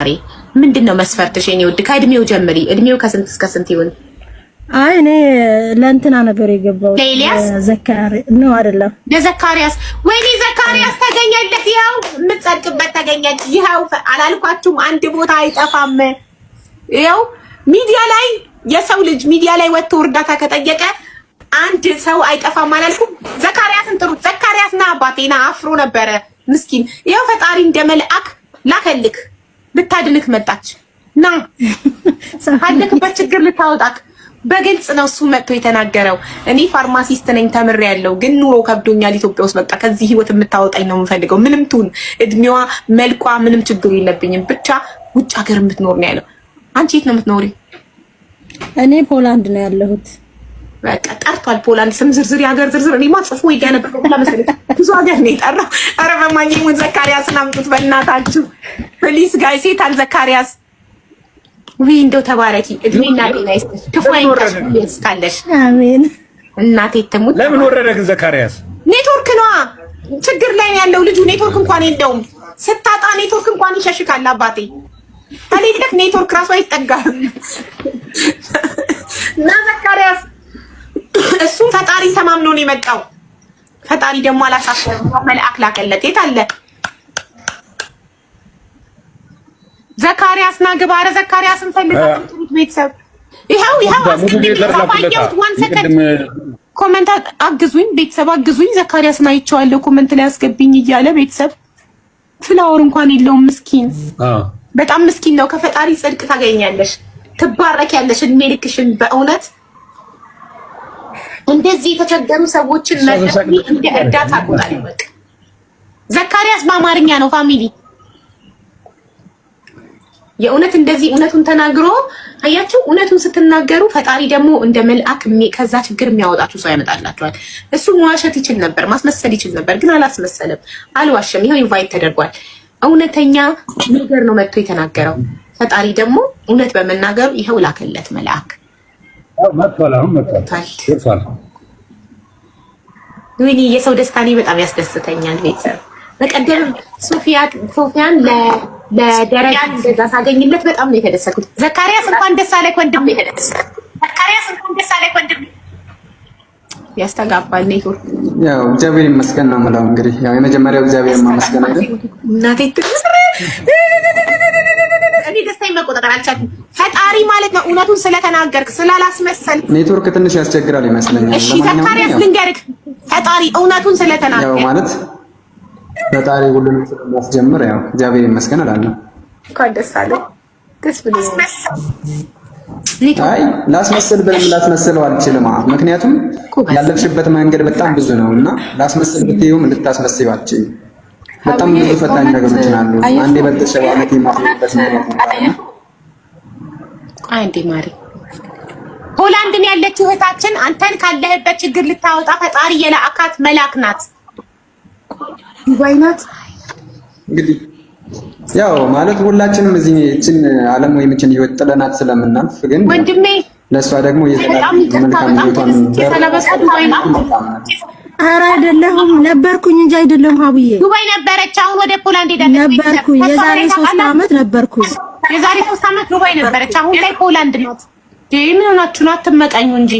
ዛሬ ምንድን ነው መስፈርትሽ? የኔ ውድ ከእድሜው ጀምሪ። እድሜው ከስንት እስከ ስንት ይሁን? አይ እኔ ለእንትና ነበር የገባው ለኤልያስ ዘካሪ ነው አይደለም፣ ለዘካሪያስ። ወይኔ ዘካሪያስ ተገኘለት፣ ይኸው የምትጸድቅበት ተገኘች። ይኸው አላልኳችሁም? አንድ ቦታ አይጠፋም። ይኸው ሚዲያ ላይ የሰው ልጅ ሚዲያ ላይ ወጥቶ እርዳታ ከጠየቀ አንድ ሰው አይጠፋም አላልኩም? ዘካሪያስን ጥሩት። ዘካሪያስ ና አባቴ ና፣ አፍሮ ነበረ ምስኪን። ይኸው ፈጣሪ እንደ መልአክ ላከልክ ልታድንክ መጣች ና አለክበት ችግር ልታወጣክ በግልጽ ነው እሱ መጥቶ የተናገረው። እኔ ፋርማሲስት ነኝ ያለው ግን ኑሮ ከብዶኛል ኢትዮጵያ ውስጥ በቃ ከዚህ ህይወት የምታወጣኝ ነው የምፈልገው። ምንም ትሁን እድሜዋ፣ መልኳ፣ ምንም ችግሩ የለብኝም ብቻ ውጭ ሀገር የምትኖር ነው ያለው። አንቺ የት ነው የምትኖሪ? እኔ ፖላንድ ነው ያለሁት። በቃ ቀርቷል። ፖላንድ ስም ዝርዝር የሀገር ዝርዝር እኔማ ጽፎ ሄዳ ነበር መሰለኝ። ብዙ ሀገር ነው የጠራው። ኧረ በማኝሙን ዘካሪያስን አምጡት በእናታችሁ ፕሊስ ጋይስ። የታል ዘካሪያስ? ውይ እንደው ተባረኪ፣ እድሜና ጤና ይስጥሽ፣ ክፉ አይንካሽ። አሜን እናቴ ትሙት። ለምን ወረደ ግን ዘካሪያስ? ኔትወርክ ነዋ ችግር ላይ ያለው ልጁ። ኔትወርክ እንኳን የለውም። ስታጣ ኔትወርክ እንኳን ይሸሽካል አባቴ ከሌለክ ኔትወርክ ራሱ አይጠጋም። እና ዘካሪያስ እሱም ፈጣሪ ተማምኖ ነው የመጣው። ፈጣሪ ደግሞ አላሳፈረም። መልአክ ላከለት። የት አለ ዘካሪያስ? ና ግባ። ኧረ ዘካሪያስን ፈልጋችሁ ቤተሰብ። ይኸው ይኸው አስቀድሜ ዋን ሰከንድ ኮመንት አግዙኝ ቤተሰብ አግዙኝ። ዘካሪያስን አይቼዋለሁ ኮመንት ላይ አስገብኝ እያለ ቤተሰብ ፍላወር እንኳን የለውም ምስኪን፣ በጣም ምስኪን ነው። ከፈጣሪ ጽድቅ ታገኛለሽ፣ ትባረኪያለሽ እድሜ ልክሽን በእውነት እንደዚህ የተቸገሩ ሰዎችን መርዳት እንደ እርዳታ ቆጣሪ በቃ ዘካሪያስ በአማርኛ ነው ፋሚሊ የእውነት እንደዚህ እውነቱን ተናግሮ አያችሁ፣ እውነቱን ስትናገሩ ፈጣሪ ደግሞ እንደ መልአክ ከዛ ችግር የሚያወጣችሁ ሰው ያመጣላችኋል። እሱ መዋሸት ይችል ነበር፣ ማስመሰል ይችል ነበር፣ ግን አላስመሰለም፣ አልዋሸም። ይኸው ኢንቫይት ተደርጓል። እውነተኛ ነገር ነው መጥቶ የተናገረው። ፈጣሪ ደግሞ እውነት በመናገሩ ይኸው ላከለት መልአክ። መጥቷል። አሁን መጥቷል። ወይኔ የሰው ደስታ እኔ በጣም ያስደስተኛል። ቤተሰብ በቀደም ሶፊያን ለደረጃ እንደዛ ሳገኝለት በጣም ነው የተደሰትኩት። ዘካሪያስ እንኳን ደስ አለህ ወንድሜ። ዘካሪያስ እንኳን ደስ አለህ ወንድሜ። ያስተጋባል ያው እግዚአብሔር ይመስገን ነው የምለው እንግዲህ ያው የመጀመሪያው እግዚአብሔር ማመስገን አይደል እናቴ። እኔ ደስታዬን መቆጣጠር አልቻልኩም። ፈጣሪ ማለት ነው እውነቱን ስለተናገርክ ስላላስመሰልክ ኔትወርክ ትንሽ ያስቸግራል ይመስለኛል። እሺ ዘካሪያስ ልንገርክ፣ ፈጣሪ እውነቱን ስለተናገርክ ያው ማለት ፈጣሪ ሁሉንም ስለማስጀምር ያው እግዚአብሔር ይመስገን እላለሁ። እንኳን ደስ አለህ። ደስ ብሎኛል። አይ ላስመስል ብለም ላስመስለው አልችልም። ምክንያቱም ያለፍሽበት መንገድ በጣም ብዙ ነው እና ላስመስል ብትይውም ልታስመስይው አልችልም። በጣም ብዙ ፈታኝ ነገሮች አሉ። አንዴ በልተሽ በዓመት የማትሆንበት ነው አንዴ ማሪ ሆላንድን ያለችው እህታችን አንተን ካለህበት ችግር ልታወጣ ፈጣሪ የላካት መላክ ናት። ይባይናት እንግዲህ ያው ማለት ሁላችንም እዚህ እቺን ዓለም ወይም እችን ህይወት ጥለናት ስለምናልፍ ግን ወንድሜ ለእሷ ደግሞ ኧረ አይደለሁም ነበርኩኝ እንጂ አይደለሁም ሀብዬ ዱባይ ነበረች። አሁን ወደ ፖላንድ ሄዳለች። ነበርኩኝ የዛሬ ሶስት አመት ነበርኩኝ። የዛሬ ሶስት አመት ዱባይ ነበረች፣ አሁን ላይ ሆላንድ ናት። ምን ሆናችሁ ነው? አትመቀኙ እንጂ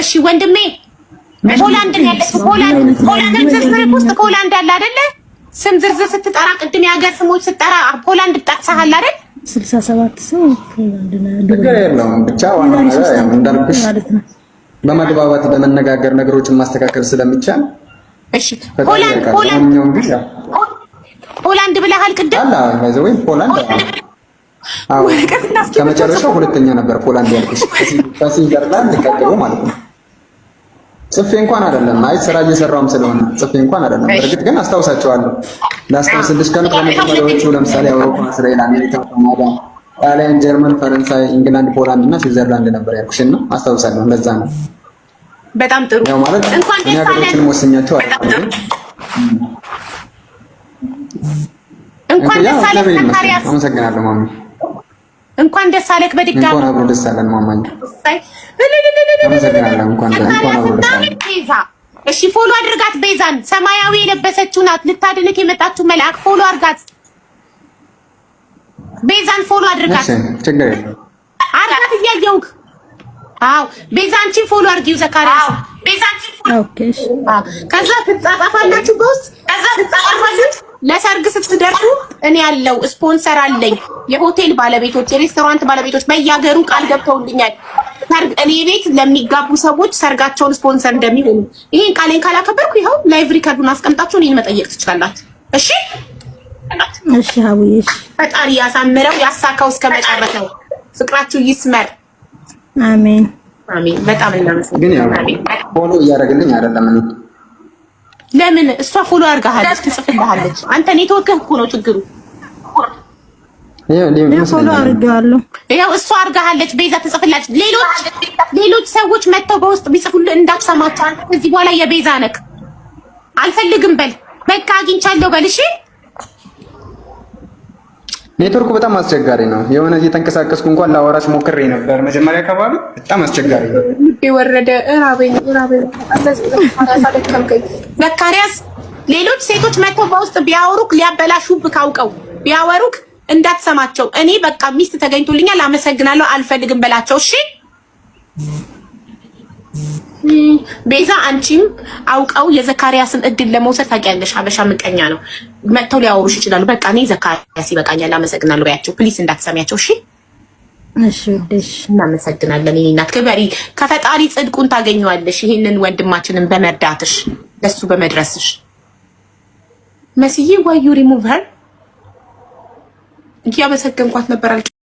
እሺ። ወንድሜ ሆላንድ ያለችው ሆላንድ ሆላንድ ዝርዝር ውስጥ ሆላንድ አለ አይደለ? ስም ዝርዝር ስትጠራ ቅድም የሀገር ስሞች ስትጠራ ሆላንድ ጠቅሰሃል አይደል? ስልሳ ሰባት ሰው ሆላንድ ነው። ብቻ ዋና ነገር እንዳልኩሽ በመግባባት በመነጋገር ነገሮችን ማስተካከል ስለሚቻል እሺ ሆላንድ ሆላንድ ፖላንድ ብለሃል ቅድም። ፖላንድ ከመጨረሻው ሁለተኛ ነበር። ፖላንድ ያልኩሽ ከስዊዘርላንድ ቀጥሎ ማለት ነው። ጽፌ እንኳን አይደለም። አይ ስራ እየሰራውም ስለሆነ ጽፌ እንኳን አይደለም። በእርግጥ ግን አስታውሳቸዋለሁ። ላስታውስልሽ ቀን ከመጀመሪያዎቹ ለምሳሌ አውሮፓ፣ እስራኤል፣ አሜሪካ፣ ካናዳ፣ ጣሊያን፣ ጀርመን፣ ፈረንሳይ፣ ኢንግላንድ፣ ፖላንድ እና ስዊዘርላንድ ነበር ያልኩሽ እና አስታውሳለሁ። እንደዛ ነው። በጣም ጥሩ ነው ማለት እንኳን ደስ አይደለም አመሰግናለሁ ማሚ። እንኳን ደስ አለህ በድጋሚ እንኳን አብሮ ደስ አለን ማማኝ። እሺ ፎሎ አድርጋት ቤዛን፣ ሰማያዊ የለበሰችው ናት። ልታድንክ የመጣችሁ መልአክ ፎሎ አድርጋት ቤዛን፣ ፎሎ አድርጋት። ችግር የለም አድርጋት እያየሁህ። ፎሎ አድርጊው ዘካሪያስ። ቤዛንቺን ፎሎ ከዛ ትጻጻፋላችሁ በውስጥ ከዛ ትጻጻፋላችሁ ለሰርግ ስትደርሱ እኔ ያለው ስፖንሰር አለኝ። የሆቴል ባለቤቶች፣ የሬስቶራንት ባለቤቶች በያገሩ ቃል ገብተውልኛል ሰርግ እኔ ቤት ለሚጋቡ ሰዎች ሰርጋቸውን ስፖንሰር እንደሚሆኑ። ይሄን ቃሌን ካላከበርኩ ይኸው ላይቭ ሪከርዱን አስቀምጣችሁ እኔን መጠየቅ ትችላላችሁ። እሺ እሺ። አቡዬ ፈጣሪ ያሳምረው ያሳካው እስከ መጨረሻው። ፍቅራችሁ ይስመር። አሜን አሜን። በጣም እናመሰግናለን። ግን ፎሎ እያደረግልኝ አይደለም ለምን እሷ ፎሎ አድርጋሃለች ትጽፍልሃለች። አንተ ኔትወርክህ እኮ ነው ችግሩ። ፎሎ አድርጌዋለሁ። ያው እሷ አድርጋሃለች ቤዛ ትጽፍላች። ሌሎች ሌሎች ሰዎች መጥተው በውስጥ ቢጽፉልህ እንዳትሰማቸው። አንተ ከዚህ በኋላ የቤዛ ነክ አልፈልግም በል በቃ አግኝቻለሁ በል እሺ ኔትወርኩ በጣም አስቸጋሪ ነው። የሆነ እየተንቀሳቀስኩ እንኳን ላወራሽ ሞክሬ ነበር መጀመሪያ አካባቢ በጣም አስቸጋሪ ነው። ወረደ ዘካሪያስ ሌሎች ሴቶች መቶ በውስጥ ቢያወሩክ ሊያበላሹብ ካውቀው ቢያወሩክ እንዳትሰማቸው። እኔ በቃ ሚስት ተገኝቶልኛል አመሰግናለሁ አልፈልግም በላቸው እሺ። ቤዛ አንቺም አውቀው የዘካሪያስን እድል ለመውሰድ ታውቂያለሽ። ሀበሻ ምቀኛ ነው። መጥተው ሊያወሩሽ ይችላሉ። በቃ እኔ ዘካሪያስ ይበቃኛል፣ አመሰግናለሁ ያቸው ፕሊስ እንዳትሰሚያቸው። እሺ እናመሰግናለን። እኔ እናት ክበሪ፣ ከፈጣሪ ጽድቁን ታገኘዋለሽ። ይህንን ወንድማችንን በመርዳትሽ ለሱ በመድረስሽ መስዬ ዋዩ ሪሙቨር እያመሰገንኳት ነበር። አልች